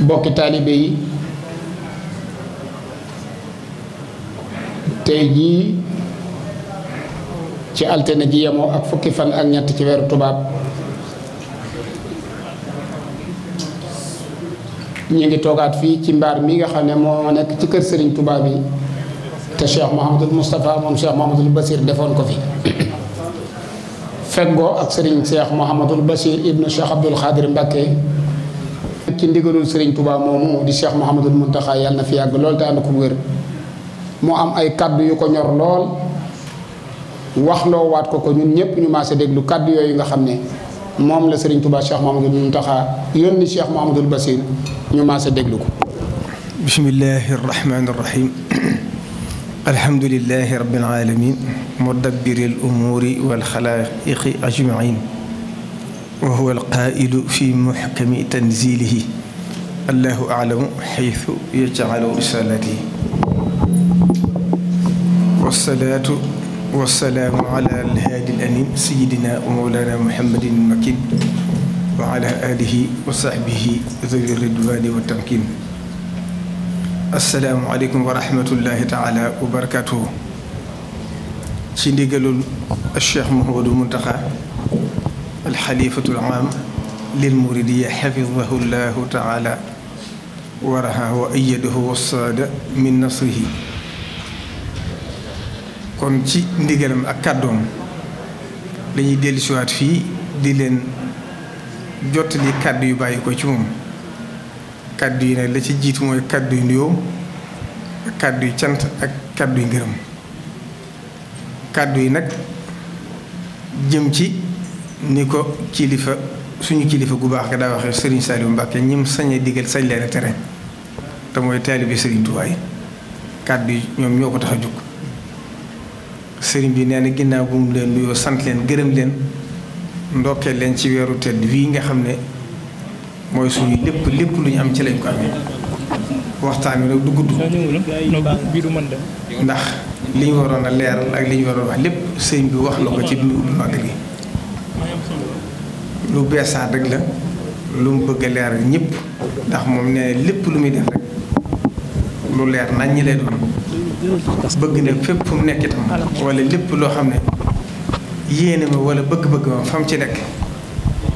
bokki taalibe yi tey jii ci altine ji yemoo ak fukki fan ak ñett ci weeru tubaab ñu ngi toogaat fii ci mbaar mi nga xam ne moo nekk ci kër sëriñ tubaab yi te Cheikh Mouhamadul Moustapha moom Cheikh Mouhamadul Basir defoon ko fi feggoo ak sëriñ Cheikh Mouhamadul Basir ibnu Cheikh Abdoul Khadir Mbacké ci ndigalul Serigne Touba moomu di Cheikh Mouhamadul Mountakha yàlla na fi yàgg lool te ànd ko wér moo am ay kàddu yu ko ñor lool waat ko ko ñun ñëpp ñu maase déglu kaddu yooyu nga xam ne moom la Serigne Touba Cheikh Mouhamadul Mountakha yónni Cheikh Mouhamadul Basir ñu maase déglu ko. bismillahi rahmaani rahim. alhamdulilahi rabbil alamin mudabbiril umuuri wal xalaa'iqi ajmain wa huwa alqaa'ilu fi muxkami tanzilihi allahu alamu xaytu yajcalu risalatihi wasalaatu wasalaamu ala alhaadi alamin sayidina wa mawlana muhammadin makin wa ala alihi wa saxbihi zawi ridwani wa tamkin assalaamu aleykum wa rahmatullahi taala wa barakatuhu ci ndigalul cheikh Mouhamadou Mountakha alxalifatu alaam lil muridiya xafidahu llahu taala waraha wa ayadahu wassaada min nasrihi kon ci ndigalam ak kàddoom dañuy dellusiwaat fii di leen jottali kàddu yu bàyyi ko ci moom kàddu yi nag la ci jiitu mooy kàddu yu nuyoo kàddu yu cant ak kàddu yu ngërëm kàddu yi nag jëm ci ni ko kilifa suñu kilifa gu baax ga daa waxee Serigne Saliou Mbacke ñim sañee digal sañ leen a tere te mooy taalibe Serigne Touba yi kàddu ñoom ñoo ko tax a jóg Serigne bi nee na ginnaaw bu mu leen nuyoo sant leen gërëm leen ndokkee leen ci weeru tedd wii nga xam ne mooy suñu lépp lépp lu ñu am ci lañ ko amee waxtaan wi nag du gudd ndax li ñu waroon a leeral ak li ñu waroon a wax lépp sëñ bi wax na ko ci bi mu ubbi màggal lu beesaat rek la lu mu bëgg leer ñëpp ndax moom nee lépp lu muy def rek lu leer nañ ñi lay doon bëgg na fépp fu mu nekk itam wala lépp loo xam ne yéene ma wala bëgg-bëgg ma fa mu ci nekk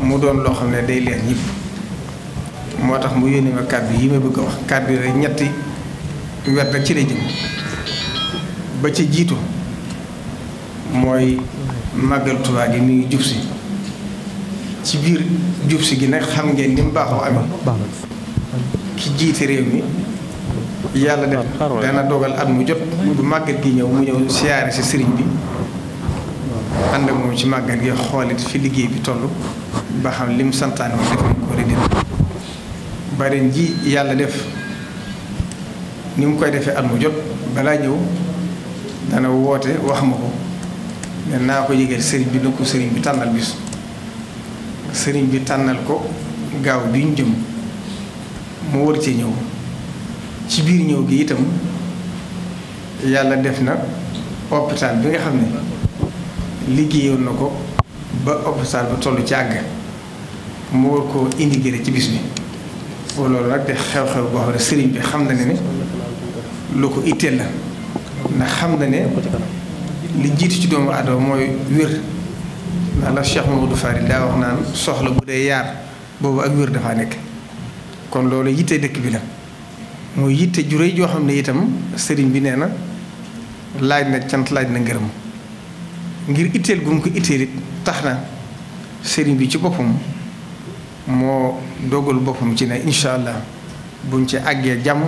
mu doon loo xam ne day leer ñëpp moo tax mu yónnee ma kàddu yi ma bëgg a wax kàddu bi rek ñetti wet rek ci lay jëm ba ci jiitu mooy màggal Tuubaa gi mi ngi jub si ci biir jub gi nag xam ngeen ni mu baaxoo amee ki jiite réew mi yàlla def dana dogal at mu jot bu màggal gi ñëw mu ñëw siyaare si sëriñ bi ànd moom ci màggal gi xoolit fi liggéey bi toll ba xam lim santaane moom def ko war a def ji yàlla def ni mu koy defee at mu jot balaa ñëw dana woote wax ma ko ne naa ko yëgal sëriñ bi na ko sëriñ bi tànnal bis sëriñ bi tànnal ko gaaw bi ñu jëm mu wër ci ñëw ci biir ñëw gi itam yàlla def na hôpital bi nga xam ne liggéeyoon na ko ba hôpital ba tollu ci àgg mu war koo indigré ci bis bi loolu nag de xew-xew boo xam ne sëriñ bi xam na ne ne lu ko itteel la ndax xam na ne li jiitu ci doomu aadama mooy wér ndax la Cheikh Mamadou Farid daa wax naan soxla bu dee yaar boobu ak wér dafa nekk kon loolu yitte dëkk bi la mooy yitte ju rëy joo xam ne itam sëriñ bi nee na laaj na cant laaj na ngërëm ngir itteel gu mu ko itteel it tax na sëriñ bi ci boppam moo dogal boppam ci ne incha allah buñ ci àggee jàmm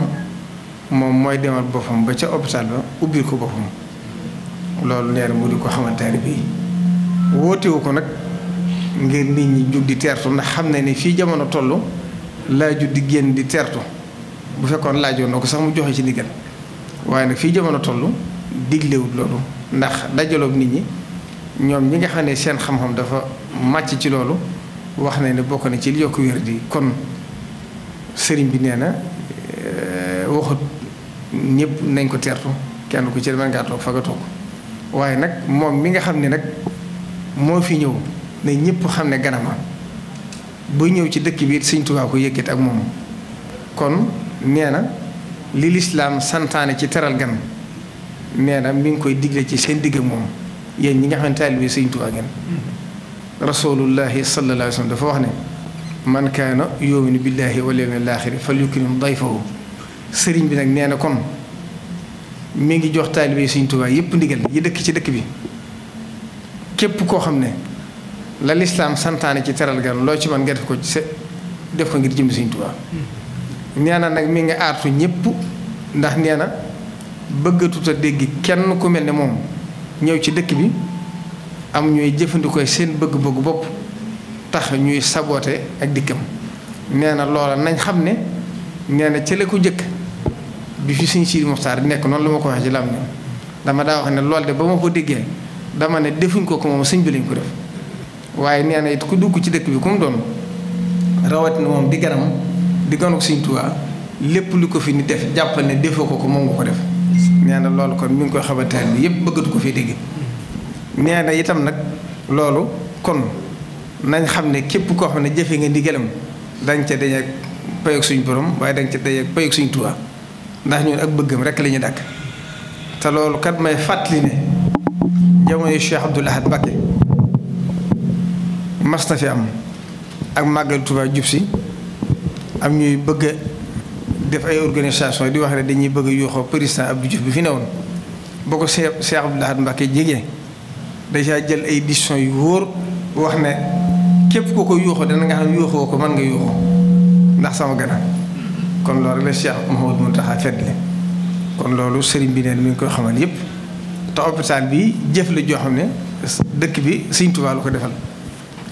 moom mooy demal boppam ba ca hôpital ba ubbil ko boppam loolu nee mu di ko xamantaari bii wootewu ko nag ngir nit ñi jug di teertu ndax xam na ni fii jamono toll laaju di génn di teertu bu fekkoon laajoon na ko sax mu joxe ci ndigal waaye nag fii jamono toll diglewut loolu ndax dajaloob nit ñi ñoom ñi nga xam ne seen xam-xam dafa màcc ci loolu wax na ne bokk na ci li yokk wér di kon sëriñ bi nee na eh, waxut ñépp nañ ko teertu kenn ku ci mën ngaa toog fa nga waaye nag moom mi nga xam ne nag moo fi ñëw ne ñëpp xam ne ganama buy ñëw ci dëkk bi Sëñ Tuubaa ko yëkkati ak moom kon nee na li lislaam santaane ci teral gan nee na mi nga koy digle ci seen digg moom yéen ñi nga xam ne taalibe Sëñ Tuubaa ngeen rasulullahi sallallahu alayhi wa sallam dafa wax ne man kaana yuminu billahi wal yawmil mu falyukrim dayfahu sëriñ bi nag nee na kon mi ngi jox taalibe Sëriñ Tuubaa yépp ndigal yi dëkk ci dëkk bi képp koo xam ne la lislaam santaane ci teral gan loo ci man nga def ko ci def ko ngir jëm Sëriñ Tuubaa nee nag mi ngi aartu ñépp ndax nee na bëggatut dégg kenn ku mel ni moom ñëw ci dëkk bi am ñooy jëfandikoo seen bëgg-bëgg bopp tax ñuy saboote ak dikkam nee na loola nañ xam ne nee na ca la ko jëkk bi fi suñ Sidi Moxtaar nekk noonu la ma ko waxee ci làmmiñ dama daa wax ne loolu de ba ma ko déggee dama ne defuñ ko ko moom suñ bi lañ ko def waaye nee na it ku dugg ci dëkk bi ku mu doon rawatina moom di ganam di ganuk Sëñ Tuubaa lépp lu ko fi ni def jàppal ne defoo ko ko moom nga ko def nee na loolu kon mi ngi koy xamanteer bi yëpp bëggatu ko fee dégg nee na itam nag loolu kon nañ xam ne képp koo xam ne jëfe nga ndigalam dañ ca dajeek payoog suñ borom waaye dañ ca dajeek payoog Sëñ Tuubaa ndax ñun ak bëggam rek la ñu dàkk te loolu kat may fàttali ne jamono Cheikh Abdoul Ahad Mbacké mas fi am ak màggal Touba jub si am ñuy bëgg a def ay organisation di wax ne dañuy bëgg a yuuxoo président Abdou Diouf bi fi newoon boo ko Cheikh Cheikh Abdoul Ahad Mbacké jege dèjà jël ay décisions yu wóor wax ne képp ku ko yuuxoo dana nga xam yuuxoo ko mën nga yuuxoo ndax sama gana kon loolu la Cheikh Mouhamadou kon loolu sëriñ bi neen mi ngi koy xamal yëpp te hôpital bi jëf la joo ne dëkk bi Sëriñ Tuubaa la ko defal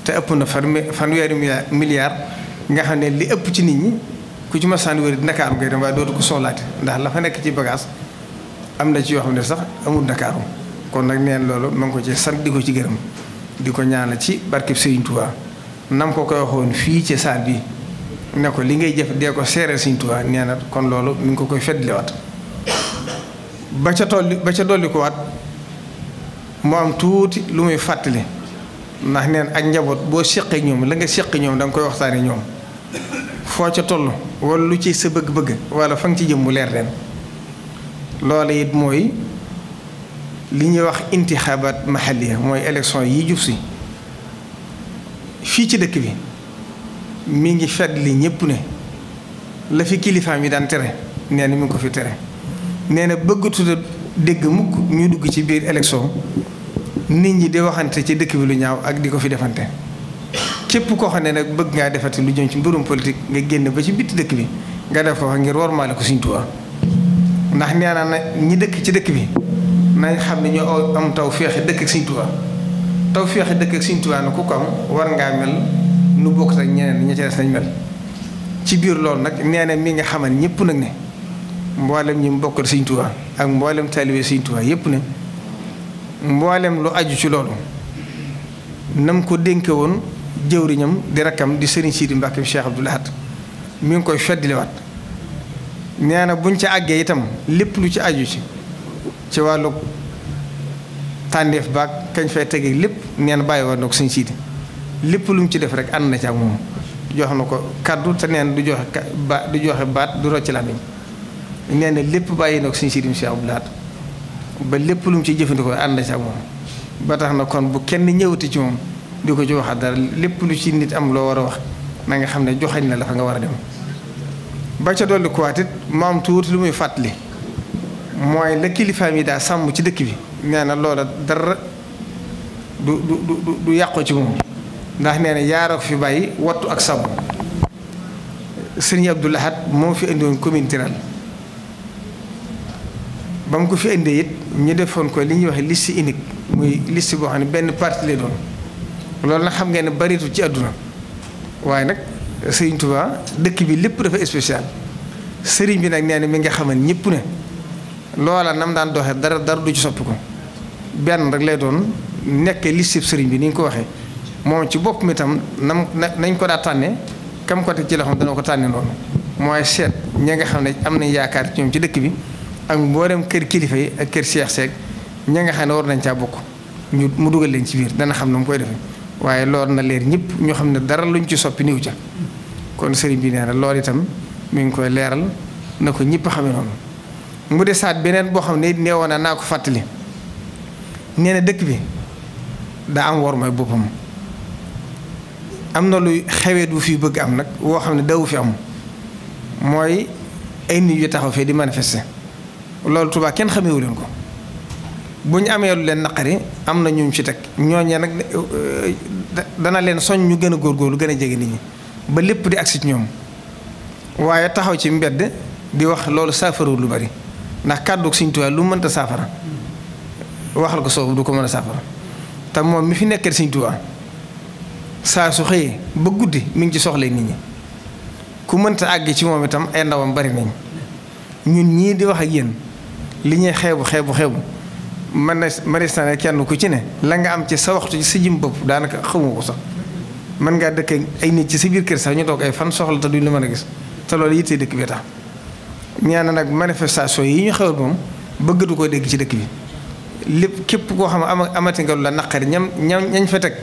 te ëpp na fanweeri milliard nga xam ne li ëpp ci nit ñi ku ci ma sànni wér Ndakaaru ngay dem waaye dootu ko soxlaate ndax la fa nekk ci bagage am na ci yoo xam ne sax amul Ndakaaru kon nag neen loolu ma ko ci sant di ko ci gërëm di ko ñaanal ci barkeb Sëriñ Tuubaa nam ko koy waxoon fii ci saal bi ne ko li ngay jëf dee ko seeree Sëriñ Tuubaa nee na kon loolu mi ngi ko koy fedliwaat ba ca tolli ba ca dolli ko wat mu am tuuti lu muy fàttali ndax neen ak njaboot boo séqee ñoom la nga séqee ñoom da nga koy waxtaanee ñoom foo ca toll walla lu ci sa bëgg-bëgg wala fa nga ci jëm mu leer leen loolu it mooy li ñuy wax intixaabaat maxaliya mooy élection yi jub si fii ci dëkk bi mi ngi fet li ñëpp ne la fi kilifaam yi daan tere nee na mi ngi ko fi tere nee bëgg bëggatula dégg mukk ñu dugg ci biir élection nit ñi di waxante ci dëkk bi lu ñaaw ak di ko fi defante képp koo xam ne nag bëgg ngaa defati lu jëm ci mburum politique nga génn ba ci bitti dëkk bi nga def ko ngir wormaale ko Sëriñ Tuubaa ndax nee naa na ñi dëkk ci dëkk bi nañ xam ne ñoo am taw féexe dëkk ak Sëriñ Tuubaa taw féexe dëkk ak Sëriñ Tuubaa na ku ko am war ngaa mel nu bokk rek ñeneen ña sañ des mel ci biir loolu nag nee na mi nga xamal ñëpp nag ne mboolem ñi mbokkal Sëñ Tuubaa ak mboolem taalibe Sëñ Tuubaa yëpp ne mboolem lu aju ci loolu nam ko dénke woon jëwriñam di rakkam di Sëriñ Sidi Mbàkke Cheikh Abdoul Ahad mi ngi koy feddliwaat nee na buñ ci àggee itam lépp lu ci aju ci ci wàllu tàndeef baag kañ fay tege lépp nee bàyyi woon na ko Sëñ Sidi lépp lu mu ci def rek ànd na ci ak moom jox na ko kaddu te neen du joxe ba du joxe baat du rocc làmmiñ nee na lépp bàyyi na ko si abdulaat ba lépp lu mu jëfandikoo ànd na ci na kon bu kenn ñëwati ci moom di ko ci waxaat dara lépp lu ci nit am loo war a wax na nga xam ne joxañ na la fa nga war a dem ba ca dolli kuwaat it maam tuuti lu muy fàttali mooy la kilifaam yi daa sàmm ci dëkk bi nee na loola dara du du du du ci moom ndax nee na yaaroo ko fi bàyyi wattu ak sàmm sëriñ Abdou Lahad moom fi indiwoon commune Tiraan ba mu ko fi indee it ñu defoon ko li ñuy wax liste unik muy liste boo xam ne benn parti lay doon loolu nag xam ngeen ne baritu ci àdduna waaye nag sëriñ Touba dëkk bi lépp dafa spécial sëriñ bi nag nee na mi nga xamal ñëpp ne loola nam daan doxee dara dara du ci soppi ko benn rek lay doon nekkee liste sëriñ bi ni ñu ko waxee. moom ci boppam itam nam nañ ko daa tànnee kam ko teg ci loxoom dana ko tànnee noonu mooy seet ñi nga xam ne am nañ yaakaar ci ñoom ci dëkk bi ak mboolem kër kilifa yi ak kër seex seek ñi nga xam ne war nañ caa bokk ñu mu dugal leen ci biir dana xam ne mu koy defe waaye loolu na leer ñëpp ñu xam ne dara ñu ci soppi niw ca kon sëriñ bi nee na lool itam mu ngi koy leeral na ko ñëpp xamee noonu mu de desaat beneen boo xam ne neewoon naa ko fàttali nee na dëkk bi daa am war mooy am na luy xewet bu fi bëgg am nag woo xam ne dawu fi am mooy ay nit yu taxaw fee di manifester loolu Tuubaa kenn xamewu leen ko bu ñu amee lu leen naqari am na ñu ci teg ñooñee nag dana leen soñ ñu gën a lu gën a jege nit ñi ba lépp di agsi ci ñoom waaye taxaw ci mbedd di wax loolu saafarawul lu bari ndax kàddu Sëñ Tuubaa lu mënta saafara waxal ko soobu du ko mën a saafara te moom mi fi nekkee Sëñ Tuubaa saa su xëyee ba guddi mi ngi ci soxla nit ñi ku mënta àgg ci moom itam ay ndawam bari nañ ñun ñii di wax ak yéen li ñuy xew xeebu xew man na maris na ne kenn ku ci ne la nga am ci sa waxtu ci bopp daanaka xamu sax mën ngaa dëkk ay nit ci sa biir kër sax ñu toog ay fan soxla te duñ la mën gis te loolu yittee dëkk bi nag manifestation yi ñu xewal moom bëggatu koo dégg ci dëkk bi lépp képp koo xam amati nga lu la naqari ñam ñam ñañ fa teg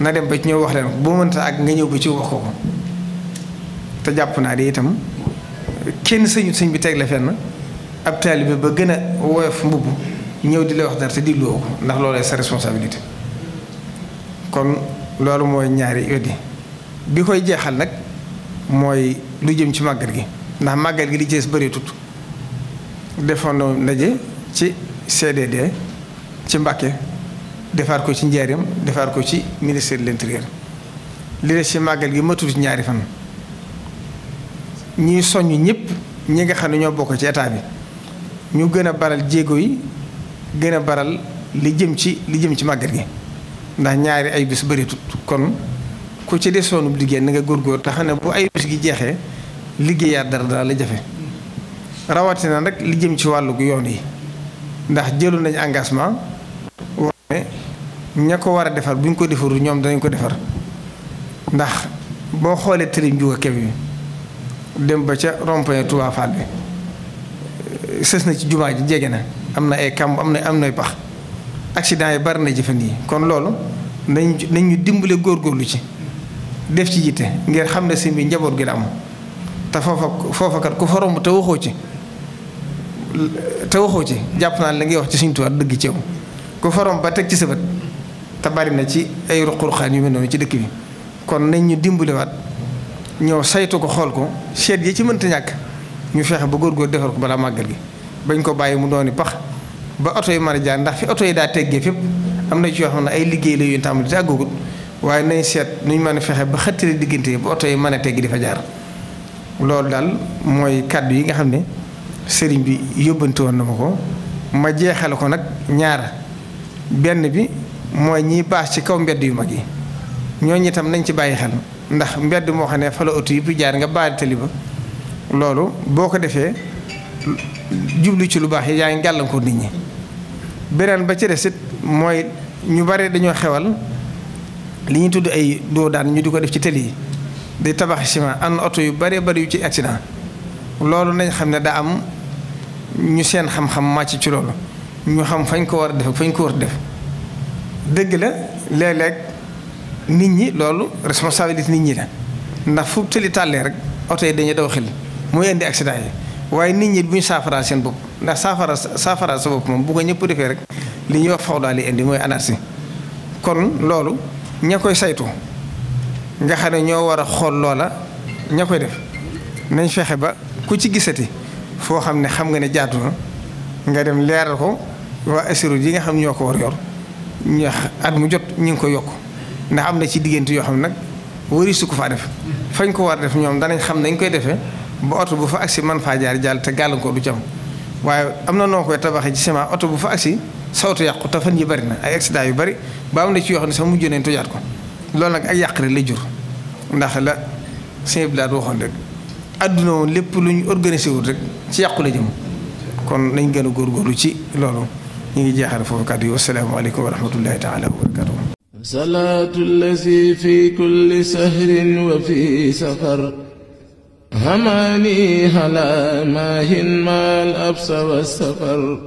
na dem ba ci ñëw wax leen ko boo mënta ak nga ñëw bi ci wax ko ko te jàpp naa de itam kenn sëñu sëñ bi teg la fenn ab taalibe ba gën a woyof mbubb ñëw di la wax dara te digluwoo ko ndax loolu sa responsabilité kon loolu mooy ñaari weddi bi koy jeexal nag mooy lu jëm ci màggal gi ndax màggal gi li ci des bëree tut defoon ndaje ci CDD ci Mbàkke defar ko ci njaareem defar ko ci ministère de l'intérieur li des ci màggal gi matul ci ñaari fan ñuy soññ ñëpp ñi nga xam ne ñoo bokk ci état bi ñu gën a baral jéego yi gën a baral li jëm ci li jëm ci màggal gi ndax ñaari ay bis bëritut kon ku ci desoonub liggéey na nga góorgóor te xam ne bu ay bis gi jeexee liggéeyaat dara dara la jafe rawatina nag li jëm ci wàllu yoon yi ndax jëlu nañ engagement wax ne ña ko war a defar bu ñu ko defarul ñoom danañ ko defar ndax boo xoolee tëri njuga keb yi dem ba ca rond-point Touba bi sës na ci jumaa ji jege na am na ay kamb am na am na nay pax accident yi bari na jëfan yi kon loolu nañ nañ ñu dimbale góorgóorlu ci def ci jiite ngir xam ne sëñ njaboot gi la am te foofa foofa kat ku fa romb te waxoo ci te waxoo ci jàpp naa li ngay wax ci suñu tuwaat dëgg ceew ku fa romb ba teg ci sa te bari na ci ay ruqurxaan yu mel noonu ci dëkk bi kon nañ ñu dimbaliwaat ñëw saytu ko xool ko seet yi ci mënta ñàkk ñu fexe ba góor góor defar ko balaa màggal gi bañ ko bàyyi mu doon dooni pax ba oto yi mën a jaar ndax fi oto yi daa teggee fépp am na ci yoo xam ne ay liggéey la yu tàmbali te waaye nañ seet nuñ mën a fexe ba xëttale diggante ba oto yi mën a teggi di fa loolu daal mooy kàddu yi nga xam ne sëriñ bi yóbbante woon na ma ko ma jeexale ko nag ñaar benn bi mooy ñiy baax ci kaw mbedd yu mag yi ñooñu itam nañ ci bàyyi xel ndax mbedd moo xam ne fa la oto yi bu jaar nga baari tali ba loolu boo ko defee jublu ci lu baax yi yaa ngi gàllankoor nit ñi beneen ba ci des mooy ñu bare dañoo xewal li ñu tudd ay doo daan ñu di ko def ci tali yi di tabax ciment am na oto yu bare bari yu ci accident loolu nañ xam ne daa am ñu seen xam-xam màcc ci loolu ñu xam fañ ko war a def fañ ko war def dégg la léeg nit ñi loolu responsabilité nit ñi la ndax fu tëli tàllee rek oto yi dañuy daw xel muy indi accident yi waaye nit ñi bu ñu saafaraa seen bopp ndax saafara saafara sa bopp moom bu ko ñëpp defee rek li ñuy wax faw daal di indi mooy anarchie kon loolu ña koy saytu nga xam ne ñoo war a xool loola ña koy def nañ fexe ba ku ci gisati foo xam ne xam nga ne jaatu na nga dem leeral ko waa assurance yi nga xam ñoo ko war yor. ñax at mu jot ñu ngi ko yokk ndax am na ci diggante yoo xam ne nag wari su ko faa def fañ ko war def ñoom danañ xam nañ koy defee ba oto bu fa agsi man faa jaar jàll te gàllankoor du ci am waaye am na noo koy tabaxee ci ciment oto bu fa agsi sawtu yàqu te fan yi bari na ay accident yu bari ba am na ci yoo xam ne sax mujj nañ tojaat ko loolu nag ak yàq rek lay jur ndax la sëñ Bilaat waxoon rek adduna woon lépp lu ñu organisé wul rek ci yàqu la jëm kon nañ gën a góor góorgóorlu ci loolu ñu ngi jeexal foofu kàddu yi wasalaamaaleykum wa rahmatullahi taala wa barakatu salaatu allazi fi kulli sahrin wa fi safar هماني هلا ماهٍ مع الأبس والسفر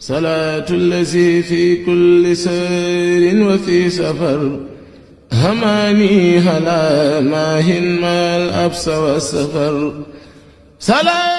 صلاة الذي في كل سير وفي سفر هماني هلا ماهٍ مع الأبس والسفر صلاة